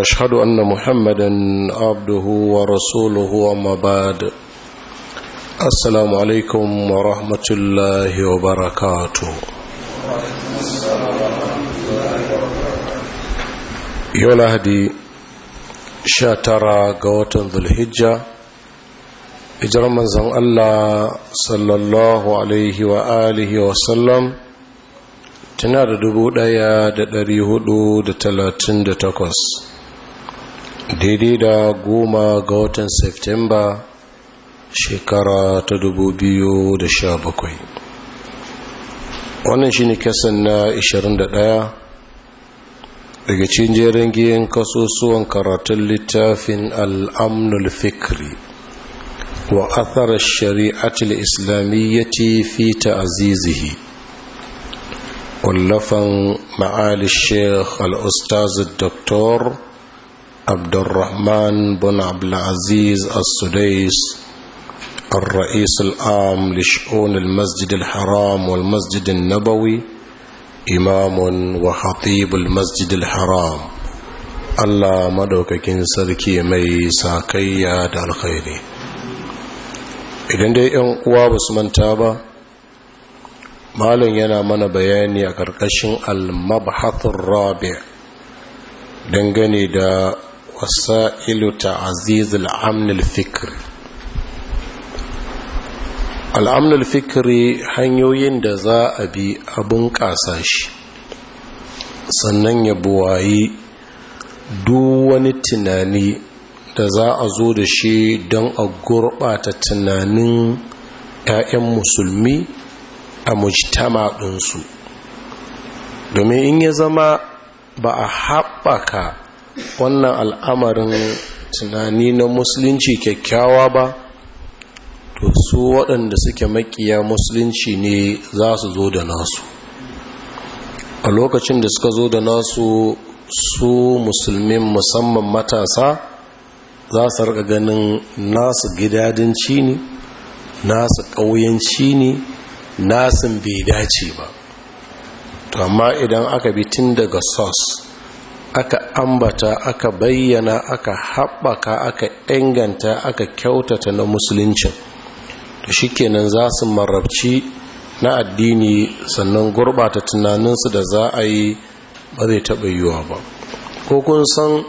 واشهد ان محمدا عبده ورسوله وما بعد السلام عليكم ورحمه الله وبركاته yau lahadi tara ga watan zulhijja ijar manzan allah sallallahu alaihi wa alihi wa sallam tana da da talatin takwas. daidai da goma ga watan Septemba shekara ta dubu biyu da sha bakwai. wannan shine kasan na 21 daga cikin jeren giyan kasusuwan karatun littafin al'amnul fikri wa athar shari'atul islamiyyati fi ta'azizihi ولفن معالي الشيخ الأستاذ الدكتور عبد الرحمن بن عبد العزيز السديس الرئيس العام لشؤون المسجد الحرام والمسجد النبوي إمام وخطيب المسجد الحرام الله مدوككين سركي مي ساكيا الخير idan dai yan uwa ba su manta ba malin yana mana bayani a ƙarƙashin al-mabhathur rabi' dangane da وسائل تعزيز الأمن الفكري الأمن الفكري hanyoyin da za a bi a bunƙasa shi sannan ya buwayi duk wani tunani da za a zo da shi don a gurɓata tunanin 'ya'yan musulmi a mujtama ɗinsu domin in ya zama ba a haɓaka wannan al'amarin tunani na musulunci kyakkyawa ba to su waɗanda suke makiya musulunci ne za su zo da nasu a lokacin da suka zo da nasu su musulmin musamman matasa za su rika ganin nasu gidadinci ne nasu ƙauyenci ne nasu bai dace ba to amma idan aka bi tun daga sos aka ambata aka bayyana aka haɓaka aka inganta aka kyautata na musuluncin da shikenan za su marabci na addini sannan gurɓata tunaninsu da za a yi ba zai taɓa yiwuwa ba ko kun san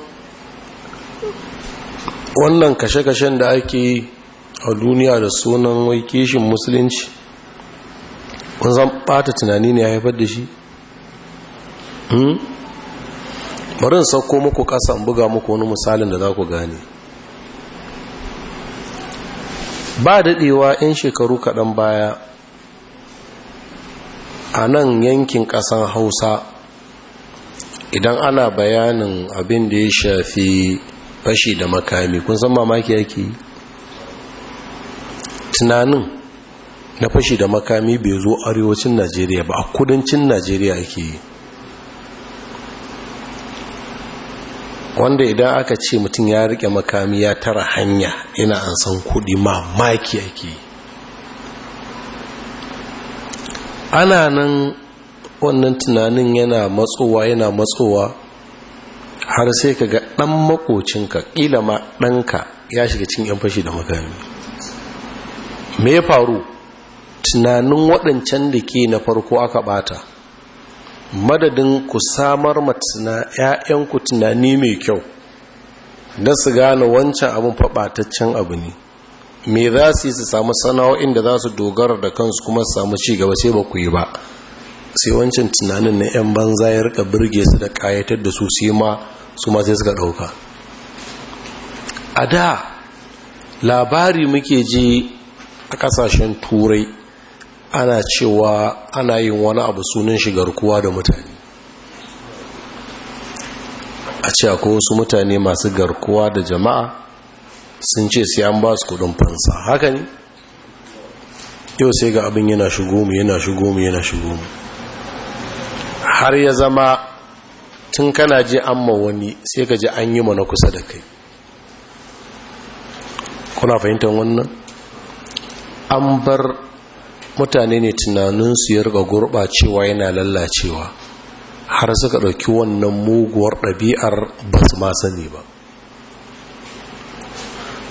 wannan kashe-kashen da ake yi a duniya da sunan wai kishin musulunci kun san ɓata tunani ne ya haifar da shi? Hmm? bari sauko muku kasa in buga muku wani misalin da za ku gane ba daɗewa 'yan shekaru kaɗan baya a nan yankin ƙasan hausa idan ana bayanin abin da ya shafi fashi da makami kun san mamaki yake tunanin na fashi da makami bai zo arewacin najeriya ba a kudancin najeriya ake yi wanda idan aka ce mutum ya rike makami ya tara hanya yana an san kudi mamaki ake ana nan wannan tunanin yana matsowa yana matsowa har sai ka ga ɗan makocinka ƙila ma ya shiga cin yan fashi da makami me ya faru tunanin waɗancan da ke na farko aka ɓata madadin ku samar matuna 'ya'yanku tunani mai kyau da su gane wancan abin faɓataccen abu ne me za su yi su samu sana'o'in da za su dogara da kansu kuma su samu ci gaba sai ba ku yi ba sai wancan tunanin na 'yan banza ya rika birge su da kayatar da su sai ma su ma sai suka ɗauka a da labari muke ji a ƙasashen turai ana cewa ana yin wani abu sunan shi kuwa da mutane a ce ko wasu mutane masu garkuwa da jama'a sun ce sai an ba su kudin fansa haka ne yau sai ga abin yana shigo mu yana shigo mu yana shigo mu har ya zama tun kana je an ma wani sai ka ji an yi mana kusa da kai kuna fahimtar wannan an bar mutane ne tunaninsu ya riga gurɓacewa yana lallacewa har suka ɗauki wannan muguwar ɗabi'ar ba su ma sani ba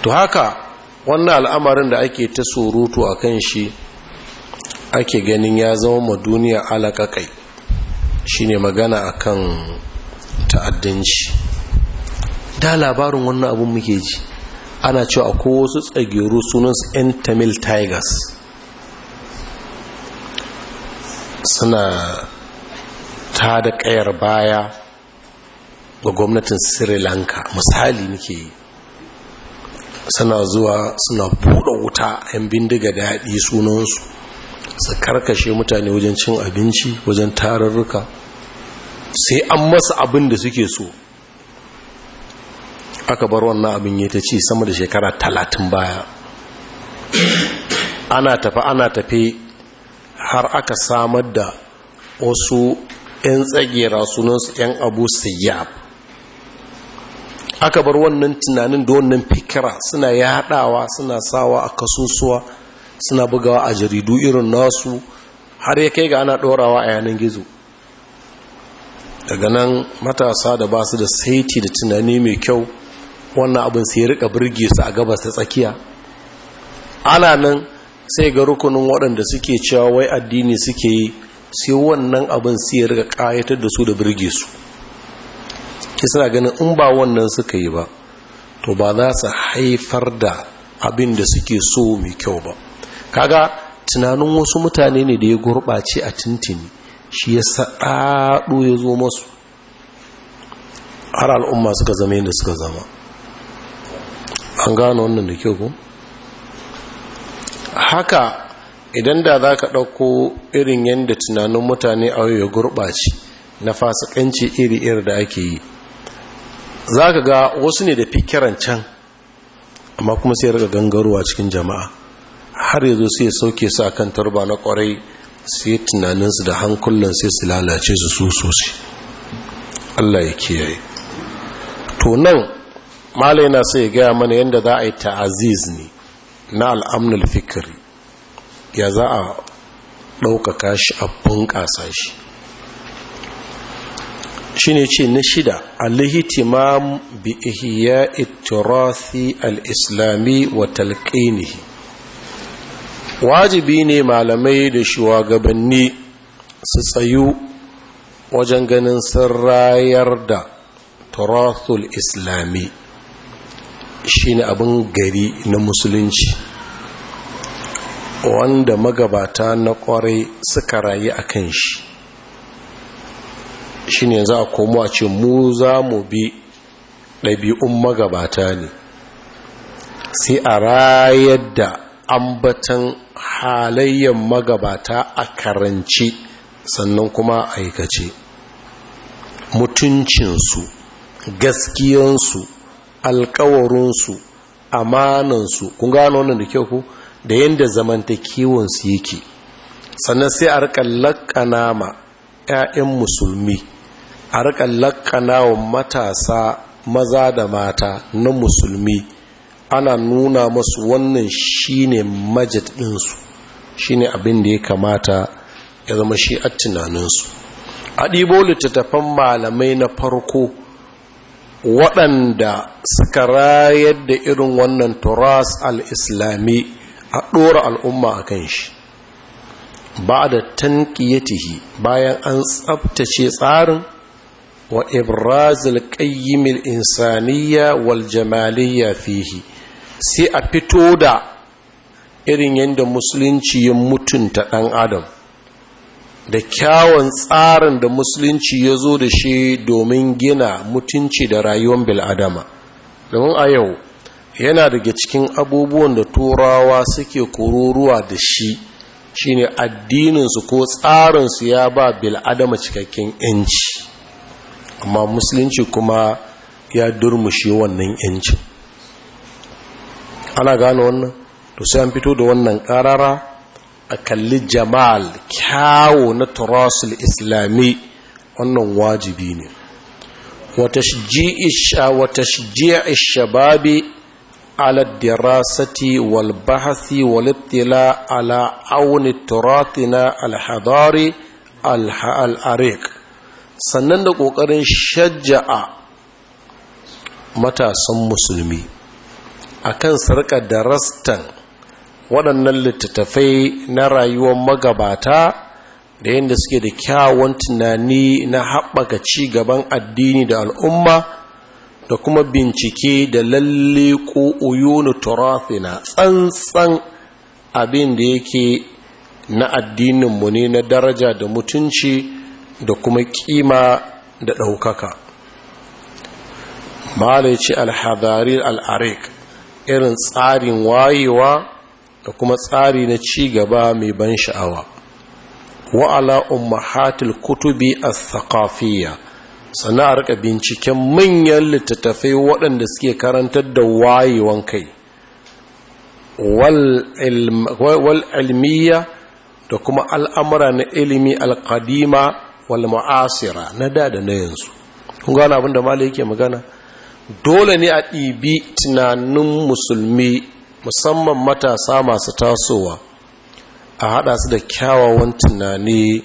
to haka wannan al'amarin da ake ta surutu a kan shi ake ganin ya zama ma duniya alaƙaƙai shine magana a kan ta'addanci da labarin wannan abin muke ji ana cewa akwai wasu tsagiru sunansu 'yan tamil tigers suna ta da kayar baya ga gwamnatin sri lanka misali nake suna zuwa suna buɗe wuta 'yan bindiga yaɗi sunansu su karkashe mutane wajen cin abinci wajen tarurruka sai an masa abin da suke so aka bar wannan abin ya ta ci sama da shekara talatin baya ana tafi ana tafi har aka samar da wasu 'yan tsagera sunansu 'yan abu sayyab aka bar wannan tunanin da wannan fikira suna yadawa suna sawa a kasusuwa suna bugawa a jaridu irin nasu har ya kai ga ana dorawa a yanar gizo daga nan matasa da ba su da saiti da tunani mai kyau wannan abin sai rika birge su a gabas ta tsakiya ana nan sai ga rukunin waɗanda suke cewa wai addini suke yi sai wannan abin siyar ga kayatar ƙayatar da su da birge su Kisa ganin in ba wannan suka yi ba to ba za su haifar da abin da suke so mai kyau ba kaga tunanin wasu mutane ne da ya gurɓace a tintini shi ya saɗaɗo ya zo masu har al'umma suka zama yadda suka zama an gano wannan da kyau ko? haka idan da za ka ɗauko irin yadda tunanin mutane a ya gurɓaci na fasikanci iri-iri da ake yi za ka ga wasu ne da fikiran can amma kuma sai raga gangarwa cikin jama'a har yanzu sai ya sauke su kan tarba na kwarai sai tunaninsu da hankulan sai su lalace su su soci allah ya kiyaye to nan malai na sai ya gaya mana yadda za a yi ta'aziz ne na al'amnul fikiri ya za a ɗaukaka shi a bunƙasa shi shi ne ce na shida alhitimam bi ihya ittirathi al-islami wa talqinihi wajibi ne malamai da shugabanni su tsayu wajen ganin sun rayar da turathul islami shine abin gari na musulunci wanda magabata na kwarai suka rayu a kan shi shine za a komo a ce mu za mu bi ɗabi'un magabata ne sai a rayar da ambatan halayyar magabata a karanci sannan kuma aikace mutuncinsu gaskiyansu alkawarinsu amanansu kun gano wannan da kyau ku da yadda zamanta kiwonsu yake sannan sai a rika lakana ma 'ya'yan musulmi a rika lakana wa matasa maza da mata na musulmi ana nuna masu wannan shine majid ɗinsu shine abin da ya kamata ya zama shi a tunaninsu a ɗibo littattafan malamai na farko waɗanda suka rayar da irin wannan turas al-islami a ɗora al'umma a kan shi ba da tankiyatihi bayan an tsabtace tsarin wa ibrazil qayyimil insaniya wal jamaliya fihi sai a fito da irin yadda musulunci ya mutunta ɗan adam da kyawun tsarin da musulunci ya zo da shi domin gina mutunci da rayuwar bil'adama domin a yau yana daga cikin abubuwan da turawa suke kururuwa da shi shine addininsu ko tsarinsu ya ba bil'adama cikakken yanci amma musulunci kuma ya durmushi wannan yancin ana gane wannan to sai an fito da wannan karara a kalli jamal kyawo na turasul islami wannan wajibi ne wata shijiya shababi ala dirasati wal bahasi wal ala auni turatina alhadari al'arik sannan da ƙoƙarin shajja'a matasan musulmi akan sarƙa da rastan waɗannan littattafai na rayuwar magabata da yadda suke da kyawun tunani na haɓaka ci gaban addini da al'umma da kuma bincike da lalle ko uyunu turafina tsantsan abin da yake na addininmu ne na daraja da mutunci da kuma kima da ɗaukaka ce alhazari al'arik irin tsarin wayewa da kuma tsari na ci gaba mai ban sha'awa wa'ala ummahatil kutubi as-saqafiyya sana'ar rika binciken manyan littattafai waɗanda suke karantar da wayewan kai wal ilmiya da kuma al'amura na ilimi al-qadima wal ma'asira na da da na yanzu kun abinda abin da yake magana dole ne a ɗibi tunanin musulmi musamman matasa masu tasowa a haɗa su da kyawawan tunani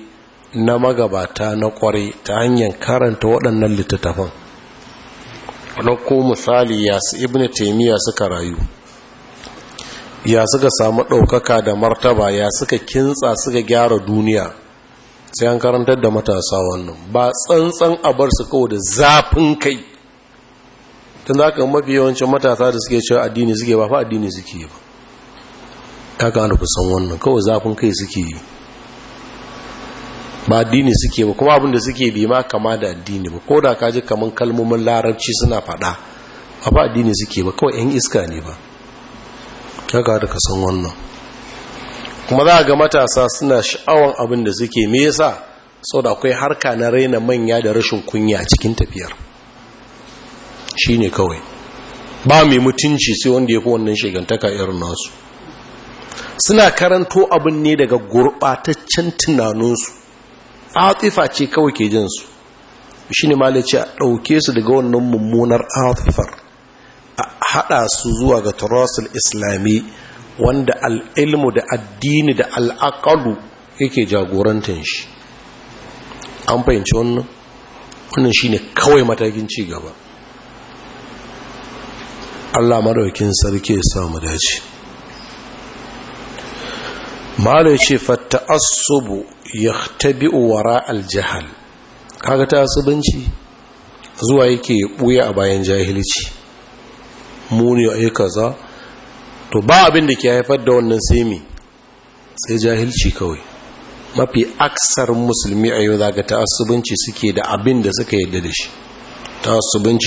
na magabata na kwarai ta hanyar karanta waɗannan littattafan ko misali ya su ibn taimiyya suka rayu ya suka samu ɗaukaka da martaba ya suka kintsa suka gyara duniya sai an karantar da matasa wannan ba tsantsan abar su kawo da zafin kai tun haka mafi yawancin matasa da suke cewa addini suke ba fa addini suke ba ya ka nufi san wannan kawai zafin kai suke yi ba addini suke ba kuma abinda suke bi ma kama da addini ba ko da ka ji kaman kalmomin larabci suna faɗa ba fa addini suke ba kawai yan iska ne ba ya ka da ka san wannan kuma za ga matasa suna sha'awan abin da suke me yasa sau da akwai harka na raina manya da rashin kunya a cikin tafiyar shi ne kawai ba mai mutunci sai wanda ya fi wannan shigantaka irin nasu suna karanto abin ne daga gurɓataccen tunaninsu atifa ce kawai ke jinsu shi ne malice a ɗauke su daga wannan mummunar atifar a haɗa su zuwa ga turasul islami wanda al'ilmu da addini da al'akalu yake jagorantar shi an fahimci wannan wannan shi ne kawai matakin cigaba Allah maraukin sarki ya sa mu dace mala ya ce fatta asubu ya tabi wara aljihal kaga ta asubinci zuwa yake buya a bayan jahilci muni a yi kaza to ba abin da ke haifar da wannan semi sai jahilci kawai mafi aksar musulmi a yau zaga ta asubinci suke da abin da suka yadda da shi ta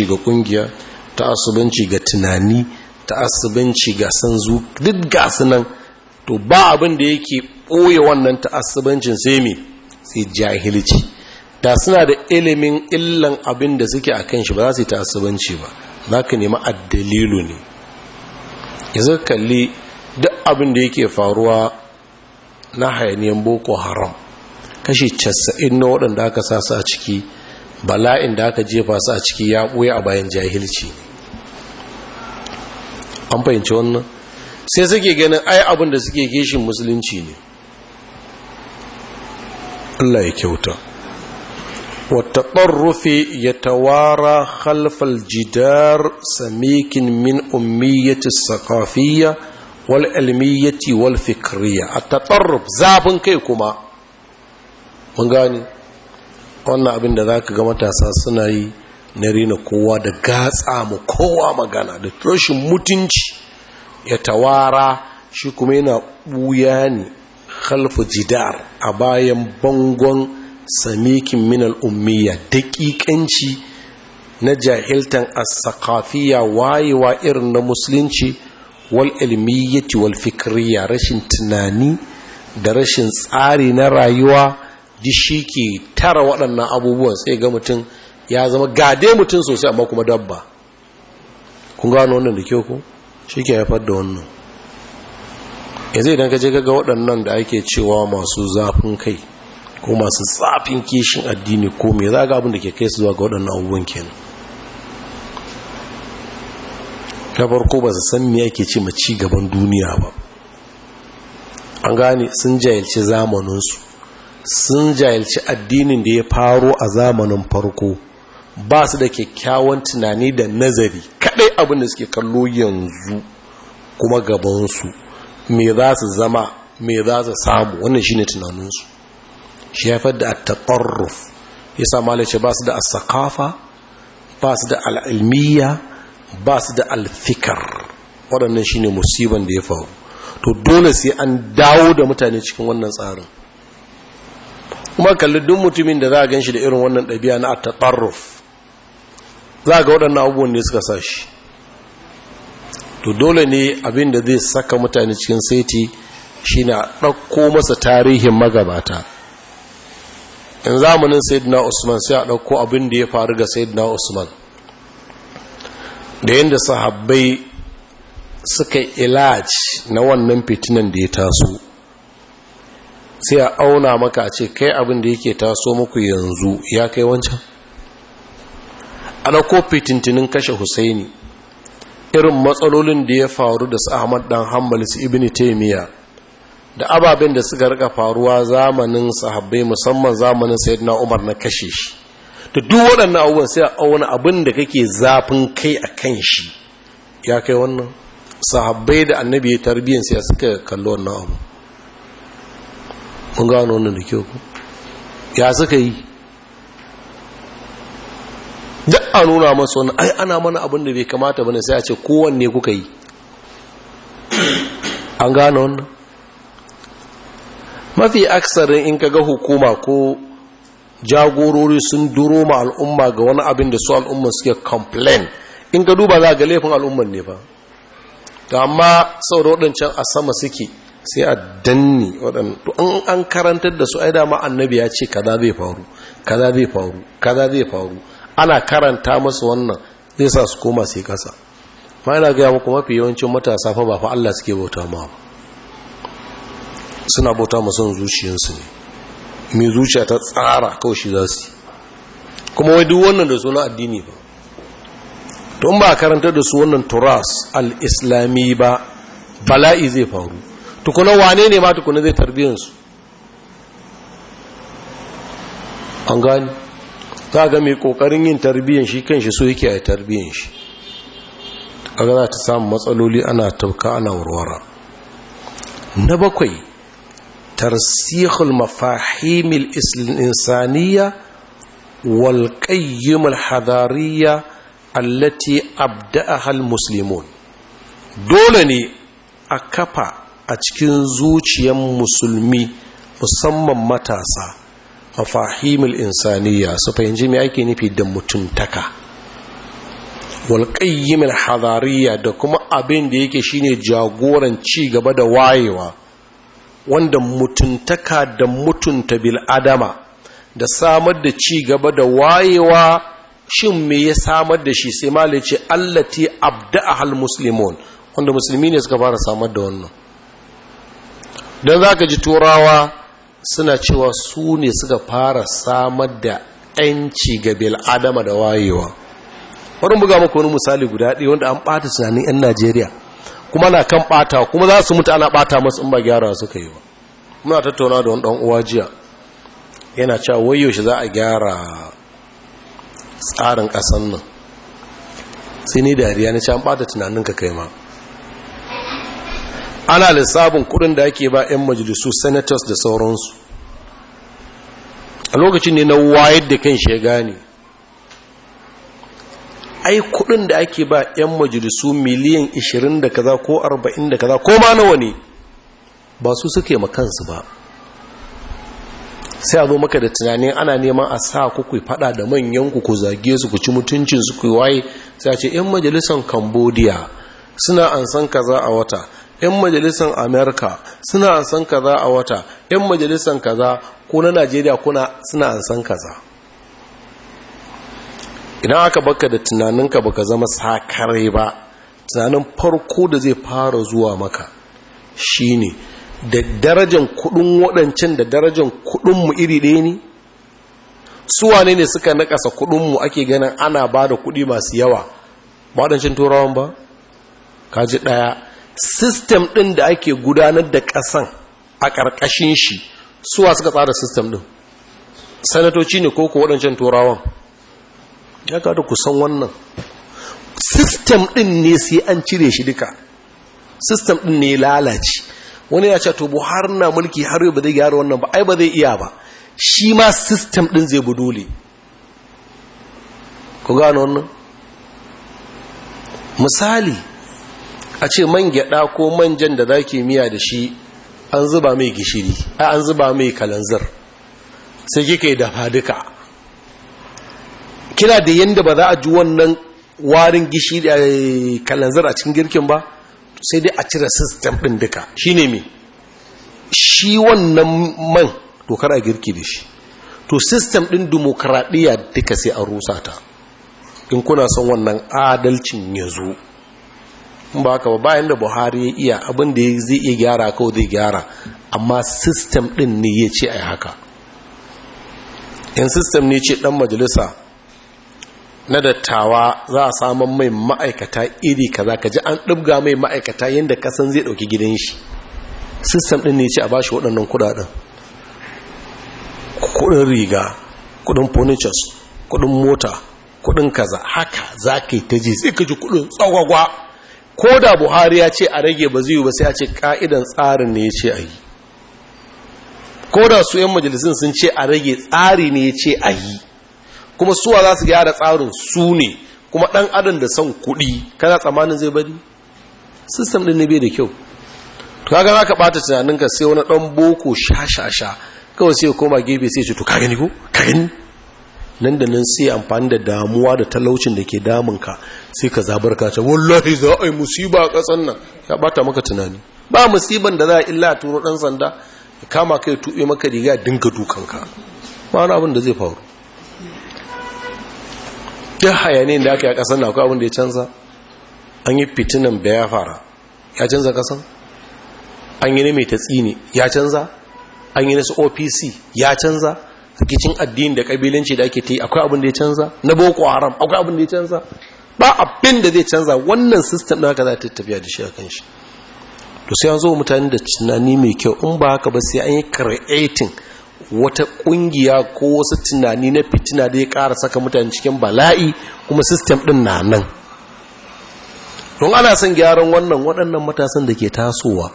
ga kungiya ta'assubanci ga tunani ta'assubanci ga san zu duk ga sunan to ba abin da yake ɓoye wannan ta'assubancin sai me sai jahilci da suna da ilimin illan abin da suke a kan shi ba za su yi ta'assubanci ba za ka nemi addalilu ne yanzu kalli duk abin da yake faruwa na hayaniyan boko haram kashi casa'in na waɗanda aka sa su a ciki bala'in da aka jefa su a ciki ya ɓoye a bayan jahilci ne an fahimci wannan sai suke ganin ai abin da suke kishin musulunci ne Allah ya kyauta wata ɓarrufe ya tawara halfal jidar samikin min ummiyyati sakafiyya wal ilmiyyati wal fikriya a taɓarruf zafin kai kuma mun gani wannan abin da za ka ga matasa suna yi na rina kowa da gatsa mu kowa magana da rashin mutunci ya tawara shi kuma yana buya ne halfa jidar a bayan bangon samikin minal ummiya daƙiƙanci na jahiltan asakafiya wayewa irin na musulunci wal ilmiyyati wal fikiriya, rashin tunani da rashin tsari na rayuwa da shi ke tara waɗannan abubuwan sai ga mutum ya zama gade mutum sosai amma kuma dabba kun gano wannan da kyau ku shi ke haifar da wannan yanzu idan ka je gaga waɗannan da ake cewa masu zafin kai ko masu tsafin kishin addini ko mai za ga abin da ke kai su zuwa ga waɗannan abubuwan kenan na farko ba su san me ake ce ma ci gaban duniya ba an gane sun jayalci zamaninsu sun jayalci addinin da ya faro a zamanin farko ba su da kyakkyawan tunani da nazari kadai abin da suke kallo yanzu kuma gabansu me za su zama me za su samu wannan shine tunaninsu shi haifar da at Ya yasa malace ba su da as-saqafa ba su da al-ilmiya ba su da alfikar fikr waɗannan shine musiban da ya faru to dole sai an dawo da mutane cikin wannan tsarin kuma kalli duk mutumin da za a gan shi da irin wannan ɗabi'a na at taɓarruf. za ga waɗannan abubuwan ne suka sa shi to dole ne abin da zai saka mutane cikin saiti shi na ɗauko masa tarihin magabata in zamanin sayidina usman sai a ɗauko abin da ya faru ga sayidina usman da yadda sahabbai suka ilaj na wannan fitinan da ya taso sai a auna maka a ce kai abin da yake taso muku yanzu ya kai wancan a ko fitintinin kashe husaini irin matsalolin da ya faru da su ahmad dan hanbal su ibn taimiyya da ababen da suka rika faruwa zamanin sahabbai musamman zamanin na umar na kashe shi da duk waɗannan abubuwan sai a auna abin da kake zafin kai a kan shi ya kai wannan sahabbai da annabi ya tarbiyyar sai suka kallo wannan abu mun gano wannan da kyau ya suka yi duk a nuna masu wani ai ana mana abin da bai kamata bane sai a ce kowanne kuka yi an gane wannan mafi aksarin in kaga hukuma ko jagorori sun duro ma al'umma ga wani abin da su al'umma suke complain in ka duba za ga laifin al'umman ne ba ta amma saboda waɗancan a sama suke sai a danni waɗannan an karantar da su ai dama annabi ya ce kaza zai faru kaza zai faru kaza zai faru ana karanta masu wannan zai sa su koma su kasa ma yana gaya muku mafi yawancin matasa fa ba fa Allah suke bauta ma ba suna bauta ma son zuciyarsu ne mai zuciya ta tsara kawai shi za su kuma wai duk wannan da na addini ba don ba karanta da su wannan turas al-islami ba bala'i zai faru tukuna wane ne ma tukuna zai tarbiyyarsu an gani za ga mai kokarin yin tarbiyyan shi kanshi so yake a tarbiyyar shi kaga za ta samu matsaloli ana tauka ana warwara na bakwai tarsihul mafahimil insaniya wal hadariya allati abda'aha al muslimun dole ne a kafa a cikin zuciyar musulmi musamman matasa mafahimul insaniya su fahimci me ake nufi da mutuntaka wal hadariya da kuma abin da yake shine jagoran ci gaba da wayewa wanda mutuntaka da mutunta bil'adama, da samar da ci gaba da wayewa shin me ya samar da shi sai malai ce allati hal muslimun wanda musulmi ne suka fara samar da wannan don za ka ji turawa suna cewa su ne suka fara samar da 'yanci ga bil'adama da wayewa warin buga maka wani misali guda ɗaya wanda an ɓata tunanin 'yan najeriya kuma na kan ɓata kuma za su mutu ana ɓata masu in ba gyara suka yi ba muna tattauna da wani uwa jiya yana cewa wayo shi za a gyara tsarin ƙasan nan sai ni dariya na ce an ɓata ka kai ma ana lissabin kuɗin da ake ba 'yan majalisu senators da sauransu a lokacin ne na wayar da kan shi ya gane ai kudin da ake ba 'yan majalisu miliyan 20 da kaza ko 40 da kaza ko ma nawa ne ba su suke makansu ba sai a zo maka da tunanin ana neman a sa ku ku fada da manyanku ku zage su ku ci mutuncin su ku waye sai a ce 'yan majalisan cambodia suna ansan kaza a wata 'yan majalisar amerika suna san kaza a wata 'yan majalisar kaza ko na najeriya kuna suna san kaza idan aka baka da tunaninka baka zama sakare ba tunanin farko da zai fara zuwa maka shine da darajar kudin waɗancan da darajan kudinmu iri ɗaya ne wane ne suka nakasa kudinmu ake ganin ana ba da kudi masu yawa ba waɗancan turawan ba kaji ɗaya system ɗin da ake gudanar da ƙasan a ƙarƙashin shi suwa suka tsara system ɗin sanatoci ne ko ku waɗancan turawan ya kada ku san wannan system ɗin ne sai an cire shi duka system ɗin ne lalace wani ya ce to buhari na mulki har yau ba zai gyara wannan ba ai ba zai iya ba shi ma system ɗin zai bu dole ku gano wannan misali a ce man gyada ko manjan da zaki miya da shi an zuba mai gishiri a an zuba mai kalanzir sai kika yi dafa duka kina da yanda ba za a ji wannan warin gishiri a eh, kalanzir a cikin girkin ba sai dai a cire sistem din duka Shi ne mai shi wannan man dokar a girki da shi to system ɗin dimokuraɗiyya duka sai an rusa ta in kuna son wannan adalcin ya zo ba haka ba bayan da buhari ya iya abin da zai iya gyara ko zai gyara amma sistem din ne ya ce a haka in sistem ne ce dan majalisa na dattawa za a samun mai ma'aikata iri kaza ka ji an ɗibga mai ma'aikata yadda kasan zai ɗauki gidan shi sistem din ne ce a ba shi waɗannan kuɗaɗen kuɗin riga kuɗin furnitures kuɗin mota kuɗin kaza haka za ka yi ta ji sai ka ji kuɗin tsawagwa ko da buhari ya ce a rage ba zai ba sai a ce ka'idan tsarin ne ya ce a yi ko da su 'yan majalisun sun ce a rage tsari ne ya ce a yi kuma suwa za su gyara tsarin su ne kuma ɗan adam da son kuɗi kana tsammanin zai bari sistem ɗin ne bai da kyau to kaga za ka bata tunaninka sai wani ɗan boko sha-sha-sha kawai sai koma gefe sai ce to ka gani ko ka gani nan da nan sai amfani da damuwa da talaucin da ke damunka sai ka zabar ka ce wallahi za a yi musiba a ƙasan nan ya bata maka tunani ba musiban da za a illa turo ɗan sanda ya kama kai tuɓe maka riga dinga dukanka ba wani abin da zai faru duk hayaniyin da aka yi a ƙasan na akwai abin da ya canza an yi fitinan ya fara ya canza ƙasan an yi ne mai ta tsini ya canza an yi su opc ya canza rikicin addini da kabilanci da ake ta yi akwai abin da ya canza na boko haram akwai abin da ya canza ba abin da zai canza wannan system da haka za ta tafiya da shi a kan shi to sai an zo mutane da tunani mai kyau in ba haka ba sai an yi creating wata kungiya ko wasu tunani na fitina da ya kara saka mutane cikin bala'i kuma system din na nan don ana son gyaran wannan waɗannan matasan da ke tasowa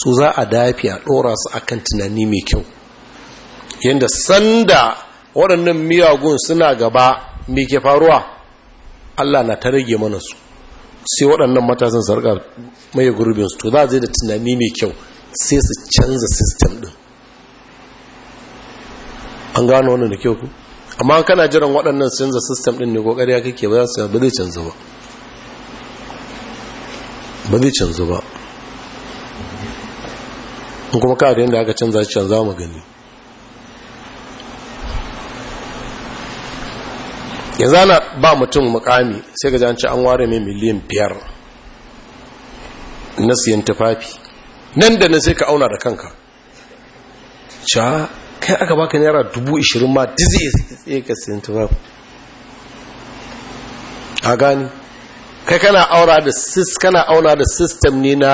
su za a dafi a ɗora su akan tunani mai kyau yadda sanda waɗannan miyagun suna gaba mai ke faruwa allah na ta rage mana su sai waɗannan matasan sarƙar mai gurbin su to za zai da tunani mai kyau sai su canza sistem ɗin an gano wannan da kyau ku amma kana jiran waɗannan canza sistem ɗin ne ƙoƙari ya kake ba za su ba zai canza ba ba zai canza ba in kuma ka da yadda aka canza shi canza mu gani yanzu ana ba mutum mukami sai ga janci an ware mai miliyan biyar na siyan tufafi nan da nan sai ka auna da kanka ca kai aka baka naira dubu ishirin ma dizi sai ka siyan tufafi a gani kai kana aura da sis kana auna da system ne na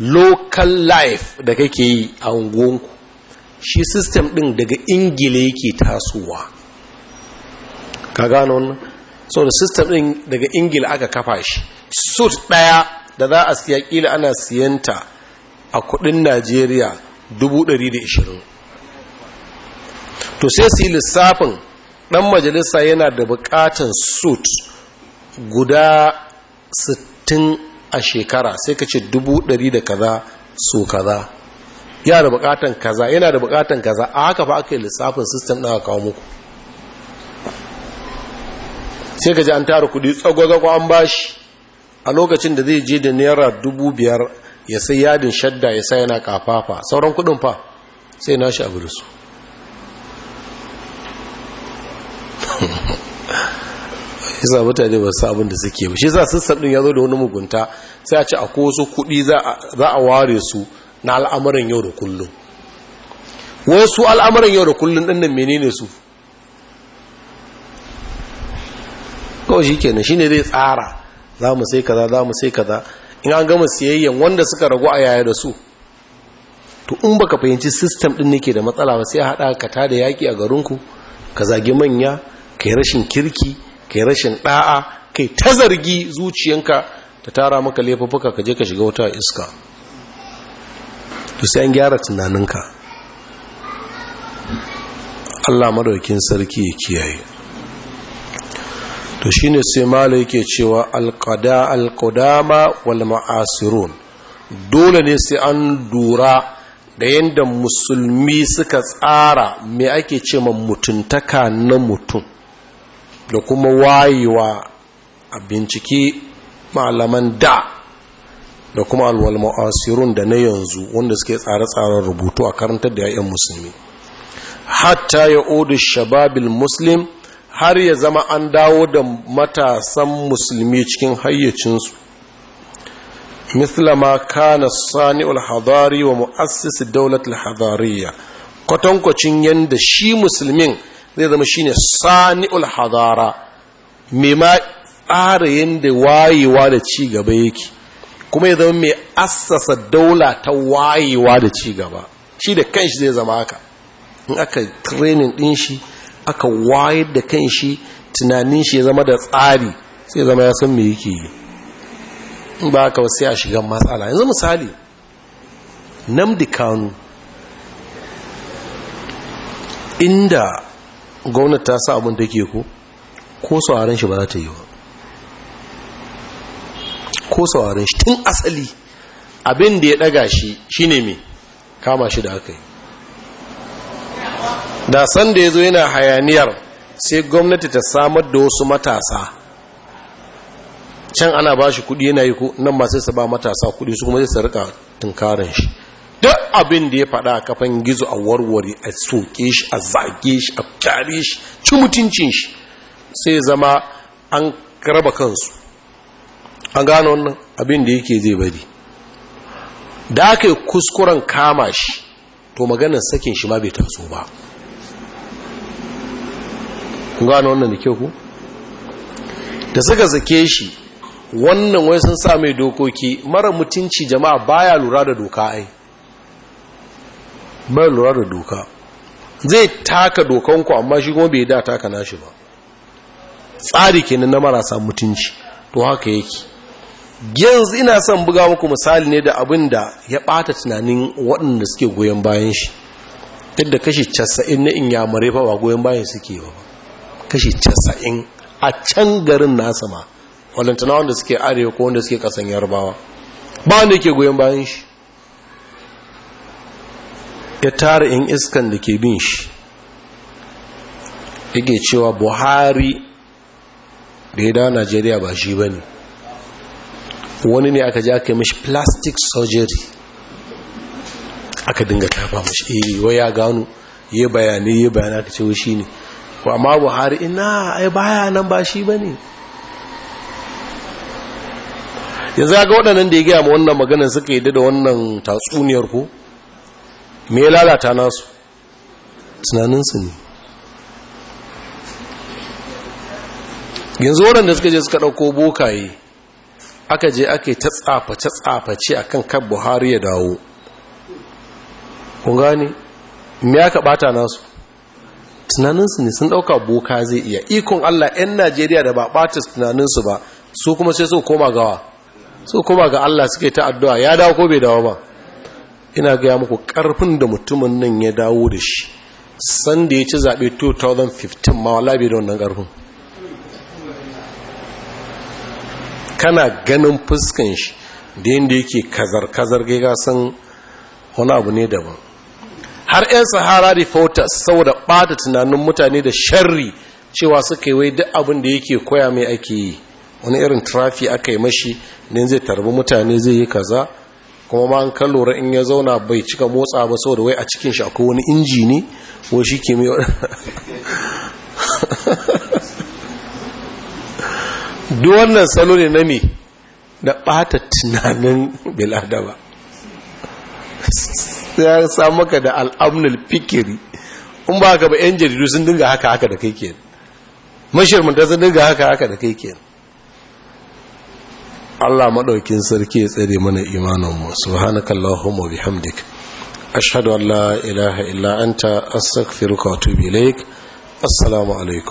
local life da kake yi a unguwanku shi system din daga ingila yake tasowa ka gano wannan so da system din daga ingila aka kafa shi suit daya da za a siya kila ana siyanta a kudin najeriya 120 to sai su lissafin dan majalisa yana da bukatan suit guda 60 a shekara sai ka ce 100 da kaza su kaza yana da bukatan kaza yana da bukatan kaza a haka fa aka yi lissafin system ɗin aka kawo muku sai ka ji an tara kudi tsagwagwagwa an bashi a lokacin da zai je da naira dubu biyar ya sai yadin shadda ya sai yana kafafa sauran kudin fa sai nashi abu da su yasa mutane ba su abin da suke ba shi yasa sassan ya zo da wani mugunta sai a ci a koso kudi za a ware su na al'amuran yau da kullum wasu al'amuran yau da kullum ɗin nan menene su kawai shi kenan shi ne zai tsara za mu sai kaza za mu sai kaza in an gama siyayyan wanda suka ragu a yaya da su to in baka fahimci system din nake da matsala ba sai haɗa ka tada yaƙi a garinku ka zagi manya kai rashin kirki kai rashin ɗa'a kai ta zargi zuciyanka ta tara maka laifuffuka ka je ka shiga wata iska to sai an gyara tunaninka Allah madaukin sarki ya kiyaye to shine sai mala yake cewa alqada alqudama wal ma'asirun dole ne sai an dura da yadda musulmi suka tsara mai ake ce mutuntaka na mutum da kuma wayewa a binciki malaman da da kuma alwal ma'asirun da na yanzu wanda suke tsare-tsaren rubutu a karantar da 'ya'yan musulmi hatta ya odu shababil muslim har ya zama an dawo da matasan musulmi cikin hayyacinsu mislama kana sani alhazari wa mu'assisi daulatul alhazariya kwatankwacin yadda shi musulmin zai zama shine sani alhazara mai ma tsara yadda wayewa da ci yake kuma ya zama mai assasa daula ta wayewa da ci shi da kanshi zai zama haka in aka training din shi aka wayar da kan shi tunanin shi ya zama da tsari sai zama ya san me yake yi ba ka wasu a shiga matsala yanzu misali namdi kanu inda gwamnati ta sa abin da ke ko ko sauraron shi ba za ta yi ba ko sauraron shi tun asali abin da ya daga shi shine mai kama shi da aka yi da san da ya zo yana hayaniyar sai gwamnati ta samar da wasu matasa can ana ba shi kudi yana yi nan masu su ba matasa kudi su kuma zai su rika tunkarin shi duk abin da ya faɗa a kafan gizo a warware a soke shi a zage shi a kyare shi ci mutuncin shi sai zama an raba kansu an gano wannan abin da yake zai bari da aka yi kuskuren kama shi to maganar sakin shi ma bai taso ba gano wannan da kyau ku da suka zake shi wannan wai sun sa mai dokoki mara mutunci jama'a baya lura da doka ai baya lura da doka zai taka dokanku amma shi kuma bai da taka nashi ba tsari kenan na marasa mutunci to haka yake yanzu ina son buga muku misali ne da abin da ya bata tunanin waɗanda suke goyon bayan shi duk da kashi 90 na inyamurai fa ba goyon bayan suke ba kashi casa'in a can garin nasa ma walantana wanda suke arewa ko wanda suke kasan yarbawa ba wanda yake goyon bayan shi ya tara in iskan da ke bin shi yake cewa buhari da ya dawo najeriya ba shi ba ne wani ne aka ja yi mashi plastic surgery aka dinga tafa mashi eh, iya ya gano ya bayani ya bayani aka cewa shi ne to amma buhari ina ai baya nan ba shi ba ne yanzu ga waɗannan da ya gaya ma wannan maganin suka yi da wannan tatsuniyar ko me ya lalata nasu tunaninsu ne yanzu waɗanda suka je suka ɗauko bokaye aka je ake ta tsaface ce akan kan buhari ya dawo kun me aka ɓata nasu tunaninsu ne sun ɗauka boka zai iya ikon allah 'yan najeriya da ba ɓata tunaninsu ba su kuma sai su koma gawa su koma ga allah suke ta addu'a ya dawo ko bai dawo ba ina gaya muku ƙarfin da mutumin nan ya dawo da shi sanda ya ci zaɓe 2015 ma wala bai da wannan ƙarfin kana ganin fuskan shi da yadda yake kazar-kazar gaiga san wani abu ne daban har 'yan sahara reporters saboda ɓata tunanin mutane da sharri cewa suka yi wai duk abin da yake koya mai ake yi wani irin trafi aka yi mashi ne zai tarbi mutane zai yi kaza kuma ma an kan lura in ya zauna bai cika motsa ba saboda wai a cikin shi akwai wani inji ne ko shi ke mai duk wannan salo ne na me da ɓata tunanin biladaba sai ya samu ka da al'amnul fikiri in ba ka ba 'yan jaridu sun dinga haka haka da kai ke mashirmanta sun dinga haka haka da kai ke Allah maɗaukin sarki ya tsere mana imaninmu mu bi hamdik an la ilaha illa anta astaghfiruka wa atubu ilaik assalamu alaikum